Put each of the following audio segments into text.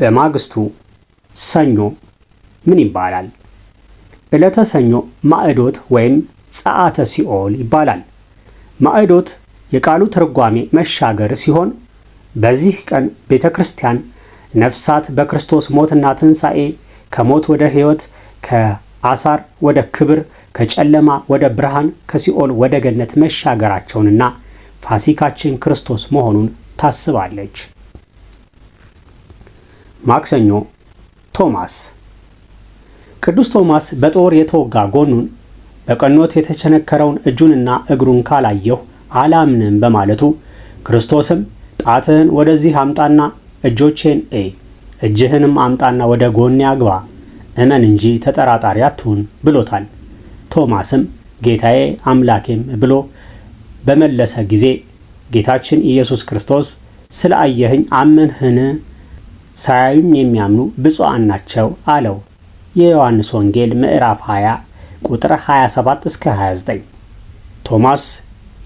በማግስቱ ሰኞ ምን ይባላል? ዕለተ ሰኞ ማዕዶት ወይም ጸአተ ሲኦል ይባላል። ማዕዶት የቃሉ ትርጓሜ መሻገር ሲሆን በዚህ ቀን ቤተ ክርስቲያን ነፍሳት በክርስቶስ ሞትና ትንሣኤ ከሞት ወደ ሕይወት፣ ከአሳር ወደ ክብር፣ ከጨለማ ወደ ብርሃን፣ ከሲኦል ወደ ገነት መሻገራቸውንና ፋሲካችን ክርስቶስ መሆኑን ታስባለች። ማክሰኞ ቶማስ ቅዱስ ቶማስ በጦር የተወጋ ጎኑን በቀኖት የተቸነከረውን እጁንና እግሩን ካላየሁ አላምንም በማለቱ ክርስቶስም ጣትህን ወደዚህ አምጣና እጆቼን ኤ እጅህንም አምጣና ወደ ጎኔ አግባ እመን እንጂ ተጠራጣሪ አትሁን ብሎታል። ቶማስም ጌታዬ አምላኬም ብሎ በመለሰ ጊዜ ጌታችን ኢየሱስ ክርስቶስ ስለ አየህኝ አመንህን ሳያዩም የሚያምኑ ብፁዓን ናቸው አለው። የዮሐንስ ወንጌል ምዕራፍ 20 ቁጥር 27 እስከ 29። ቶማስ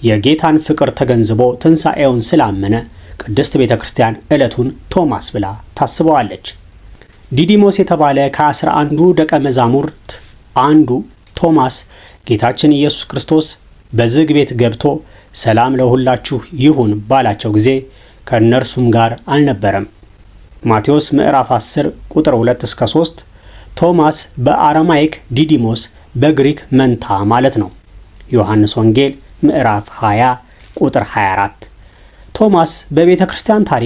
የጌታን ፍቅር ተገንዝቦ ትንሣኤውን ስላመነ ቅድስት ቤተ ክርስቲያን ዕለቱን ቶማስ ብላ ታስበዋለች። ዲዲሞስ የተባለ ከአስራ አንዱ ደቀ መዛሙርት አንዱ ቶማስ ጌታችን ኢየሱስ ክርስቶስ በዝግ ቤት ገብቶ ሰላም ለሁላችሁ ይሁን ባላቸው ጊዜ ከእነርሱም ጋር አልነበረም። ማቴዎስ ምዕራፍ 10 ቁጥር 2 እስከ 3፣ ቶማስ በአረማይክ ዲዲሞስ በግሪክ መንታ ማለት ነው። ዮሐንስ ወንጌል ምዕራፍ 20 ቁጥር 24። ቶማስ በቤተ ክርስቲያን ታሪክ